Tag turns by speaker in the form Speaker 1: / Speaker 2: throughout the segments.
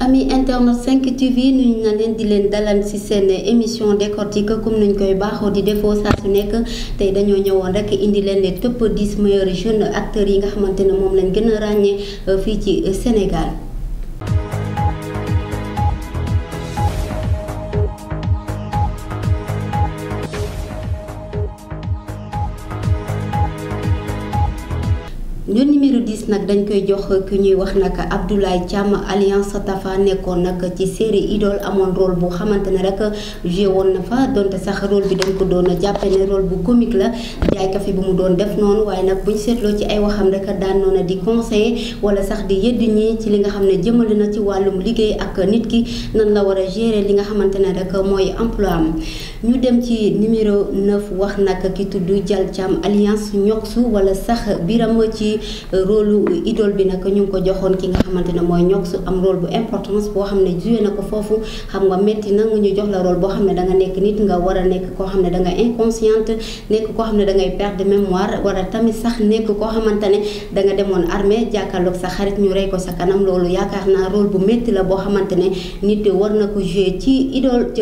Speaker 1: ami internet 5 TV nuñ na leen di leen dalal ci seen émission décortique comme nuñ koy baaxoo di defoo saa su nekk tey dañoo ñëwoon rek indi leen les top 10 meilleurs jeunes acteurs yi nga xamante ne moom lañ gën a ràññee euh, fii ci Sénégal. ñun numéro nag dañ koy jox ki ñuy wax nag Abdoulaye Thiam Alliance Tafa nekkoon nag ci série Idole amoon rôle bu xamante ne rek joué woon na fa donte sax rôle bi dañ ko doon jàppe ne rôle bu comique la jaay kafe bi mu doon def noonu waaye nag bu ñu seetloo ci ay waxam rek daan noona di conseiller wala sax di yëdd ñi ci li nga xam ne jëmale na ci wàllum liggéey ak nit ki nan la war a gérer li nga xamante ne rek mooy emploi ñu dem ci numéro 9 wax nag ki tudd Dial Thiam Alliance ñoksu wala sax biram ci. rôle idole bi nak ñu ko joxone ki nga xamantene moy mooy su am rôle bu importance bo xam jué nako fofu xam nga metti na ñu jox la rôle bo xam da nga nek nit nga wara nek ko koo da nga inconsciente nek ko xam da ngay perdre mémoire wara tamit sax nek ko xamantene da nga demoon armée jàkkaarloog sa xarit ñu rey ko sa kanam lolu yaakar na rôle bu metti la bo xamantene nit war nako ko ci idole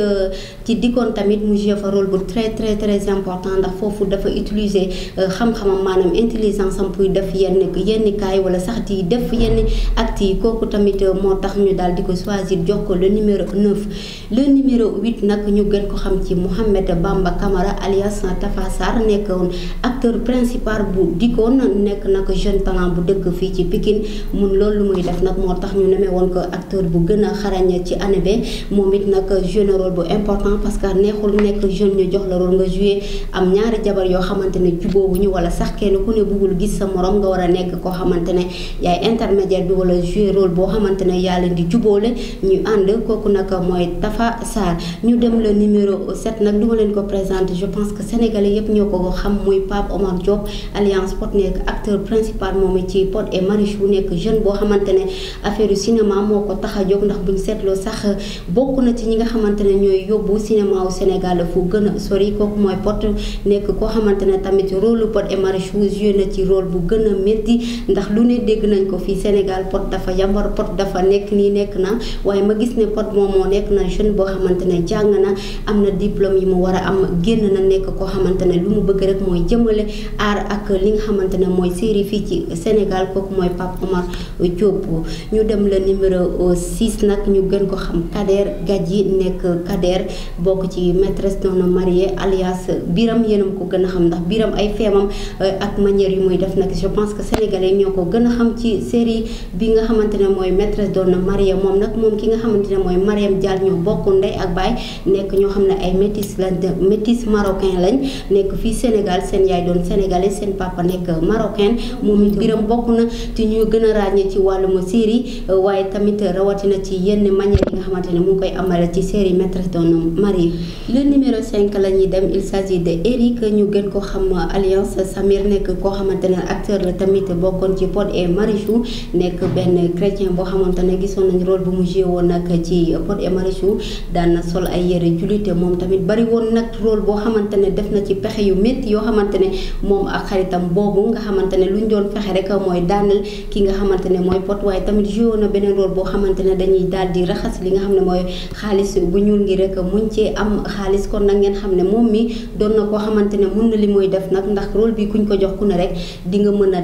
Speaker 1: ci dikon tamit mu joué fa rôle bu très très très important ndax fofu dafa utiliser euh, xam xam manam intelligence am puy def yenn yenn kaay wala sax di def yenn actes yi kooku tamit euh, moo tax ñu daal di ko choisir jox ko le numéro 9 le numéro 8 nag ñu gën ko xam ci Mouhamed Bamba Camara alias Tafa Sarr nekkoon acteur principal bu dikkoon nekk nag jeune talent bu dëkk fii ci Pikine mun loolu muy def nag moo tax ñu nemee woon ko acteur bu gën a xarañ ci année bi moom it nag jeune rôle bu important parce que neexul nekk jeune ñu jox la rôle nga joué am ñaari jabar yoo xamante ne jubóowuñu wala sax kenn ku ne gis sa morom war a nekk koo xamante yaay intermédiaire bi wala jouer rôle boo xamante yaa leen di jubóole ñu ànd kooku nag mooy Tafa Sarr ñu dem le numéro 7 nag du ma leen ko présenté je pense que sénégalais yëpp ñoo ko xam muy Pape Omar Diop Alliance Pod nekk acteur principal moom ci Pod et Marichou nekk boo xamante ne affaire cinéma moo a jóg ndax buñ seetloo sax bokk na ci ñi nga xamante ne ñooy yóbbu cinéma wu a sori kooku mooy Pod nekk koo xamante ne tamit rôle Pod et Marichou joué na ci rôle bu gën a métti ndax lu ne dégg nañ ko fii Sénégal pot dafa yambar pot dafa nekk nii nekk na waaye ma gis ne pot moom moo nekk na jeune boo xamante ne jàng na am na diplôme yi mu war a am génn na nekk koo xamante ne lu mu bëgg rek mooy jëmmale aar ak li nga xamante ne mooy série fii ci Sénégal kooku mooy Pape Omar Diop ñu dem la numéro 6 euh, nag ñu gën ko xam Kader Gadji nekk Kader bokk ci maîtresse non mariée alias Biram yéen ko gën a xam ndax Biram ay feemam euh, ak manière yu muy def nag je pense pense que sénégalais ñoo ko gën a xam ci série bi nga xamante ne mooy maîtresse doon na Mariam moom nag moom ki nga xamante ne mooy Mariam Dial ñoo bokk ndey ak baay nekk ñoo xam ne ay métis lañ métis marocain lañ nekk fii Sénégal seen yaay doon sénégalais seen papa nekk marocain moom it biram bokk na te ñu gën a ràññee ci wàllum série waaye tamit rawatina ci yenn manière yi nga xamante ne mu ngi koy amale ci série maîtresse doon na Mariam le numéro la ñuy dem il s'agit de Eric ñu gën ko xam Alliance Samir nekk koo xamante ne acteur la tamit bokkoon ci Pod et Marichou nekk benn chrétien boo xamante ne gisoon nañ rôle bu mu joué woon nag ci Pod et Marichou daan na sol ay yére julite moom tamit bari woon nag rôle boo xamante ne def na ci pexe yu métti yoo xamante ne moom ak xaritam boobu xamante ne luñ doon fexe rek mooy daanal ki nga xamante ne mooy pot waaye tamit joué na beneen rôle boo xamante ne dañuy daal di raxas li nga xam ne mooy xaalis bu ñuul ngi rek muñ cee am xaalis kon nag ngeen xam ne moom mi doon na koo xamante ne mun na li mooy def nag ndax rôle bi kuñ ko jox ku ne rek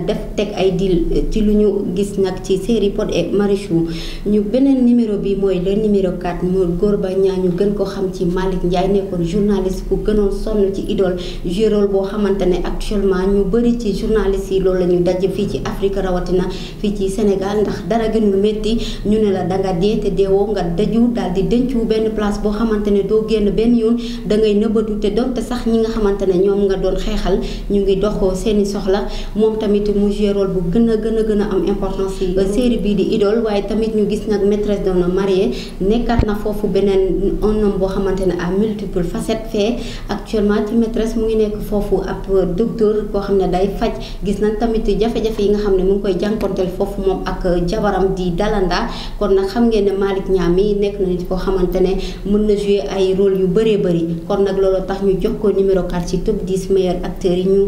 Speaker 1: def teg ay deal eh, ci lu ñu gis nag ci série Pod et Marichou ñu beneen numéro bi mooy le numéro 4 mooy góor ba ñaa ñu gën ko xam ci Malick Ndiaye nekkoon journaliste ku gënoon sonn ci idole joué boo xamante ne actuellement ñu bëri ci journaliste yi loolu la ñu daj fii ci Afrique rawatina fii ci Sénégal ndax dara gënul métti ñu ne la danga dee te deewoo nga daju daal di dencu benn place boo xamante ne doo génn benn yoon dangay nëbbatu te doon te sax ñi nga xamante ne ñoom nga doon xeexal ñu ngi doxoo seeni soxla mu joué rôle bu gën a gën a gën a am importance série bi di idole waaye tamit ñu gis nag maîtresse de na marié nekkaat na foofu beneen un homme boo xamante ne à multiple facettes fee actuellement ci maîtresse mu ngi nekk foofu ab docteur koo xam ne day faj gis nañ tamit jafe-jafe yi nga xam ne mu ngi koy jànkonteel foofu moom ak jabaram di dalanda kon nag xam ngeen ne malik Niang nekk na nit koo xamante ne mën na jouer ay rôle yu bëree bëri kon nag loolu tax ñu jox ko numéro 4 ci top 10 meilleur acteur yi ñu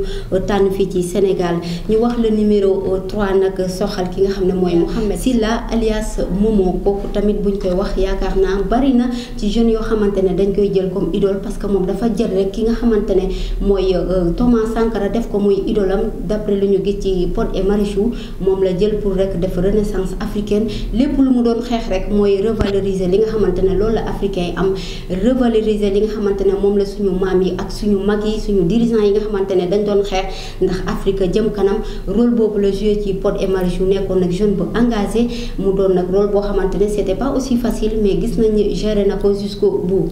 Speaker 1: tànn fii ci Sénégal ñu wax la numéro 3 nag soxal ki nga xam ne mooy xam Mouhamed Silla alias Momo kooku tamit buñ koy wax yaakaar naa bari na ci jeunes yoo xamante ne dañ koy jël comme idole parce que moom dafa jël rek ki nga xamante ne mooy euh, Thomas Sankara def ko muy idolam d'après lu ñu gis ci Pod et Marichou moom la jël pour rek def renaissance africaine lépp lu mu doon xeex rek mooy revaloriser li nga xamante ne loolu la africain am revaloriser li nga xamante ne moom la suñu maam yi ak suñu mag yi suñu dirigeants yi nga xamante ne dañ doon xeex ndax Afrique jëm kanam rôle boobu la joué ci pot et Marichou nekkoon nag jeune bu engagé mu doon nag rôle boo xamante ne c'était pas aussi facile mais gis nañu géré na ko jusqu'au bout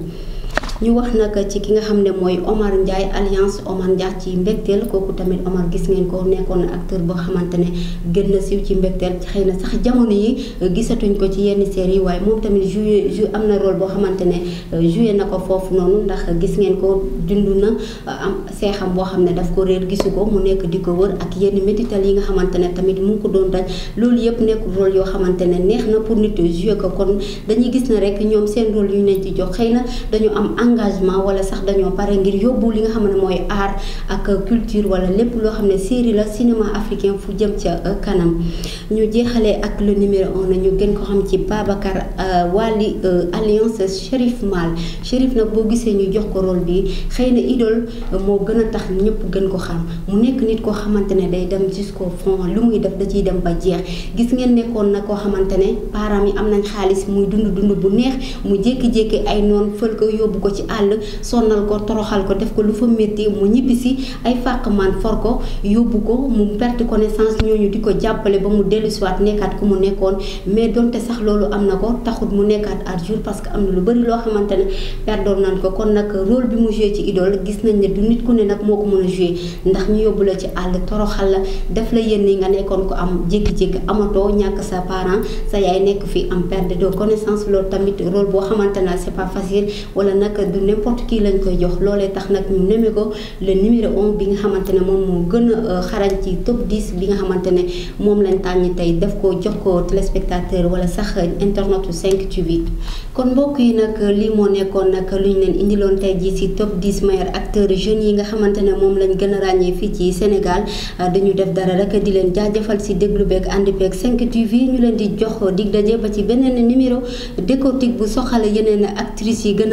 Speaker 1: ñu wax nag ci ki nga xam ne mooy Omar Ndiaye alliance Omar Ndiaye ci mbégteel kooku tamit Omar gis ngeen ko nekkoon acteur boo xamante ne gën na siiw ci mbégteel xëy na sax jamono yi gisatuñ ko ci yenn série waaye moom tamit joué joué am na rôle boo xamante ne euh, joué na ko foofu noonu ndax gis ngeen ko dund na euh, am seexam boo xam ne daf ko reer gisu ko mu nekk di ko wër ak yenn métital yi nga xamante ne tamit mu ko doon daj loolu yëpp nekk rôle yoo xamante ne neex na pour nit joué ko kon dañuy gis na rek ñoom seen rôle yu ñu ci jox xëy na dañu am engagement wala sax dañoo paré ngir yobbu li nga xamné moy art ak culture wala lepp lo xamné série la cinéma africain fu jëm ci euh, kanam ñu jéxalé ak le numéro 1 na ñu gën ko xam ci Babacar euh, Wali euh, alliance Chérif Mal Chérif nak bo gisé ñu jox ko rôle bi xeyna idol mo gëna gën tax ñëpp gën ko xam mu nekk nit ko xamantene day dem jusqu'au fond lu muy def da ciy dem ba jeex gis ngeen na ko xamantene param yi am nañ xaaliss muy dund dund bu neex mu jéki jéki ay non feul ko yobbu ko ci àll sonnal ko toroxal ko def ko lu fa métti mu ñibbisi ay fàq man for ko yóbbu ko mu perte connaissance ñooñu di ko jàppale ba mu dellusiwaat nekkaat ku mu nekkoon mais donte sax loolu am na ko taxut mu nekkaat à jour parce que am na lu bëri loo xamante ne perdoon nañ ko kon nag rôle bi mu joué ci idole gis nañ ne du nit ku ne nag moo ko mën a joué ndax ñu yóbbu la ci àll toroxal la def la yéen ni nga nekkoon ko am jékki-jékki amatoo ñàkk sa parent sa yaay nekk fi am perte de connaissance loolu tamit rôle boo xamante ne c'est pas facile wala nag du n'importe qui lañ koy jox loolee tax nag ñu neme ko le numéro un bi nga xamante ne moom moo gën a euh, xarañ ci top 10 bi nga xamante ne moom lañ tànn tey def ko jox ko téléspectateur wala sax internetu 5 TV kon mbokk yi nag euh, lii moo nekkoon nag luñ leen indiloon tey jii si top 10 meilleurs acteurs jeunes yi nga xamante ne moom lañ gën a ràññee fii ci Sénégal euh, dañu def dara rek di leen jaajëfal si déglu beeg ànd beeg 5 TV ñu leen di jox dig daje ba ci beneen numéro décortique bu soxale yeneen actrices yi gën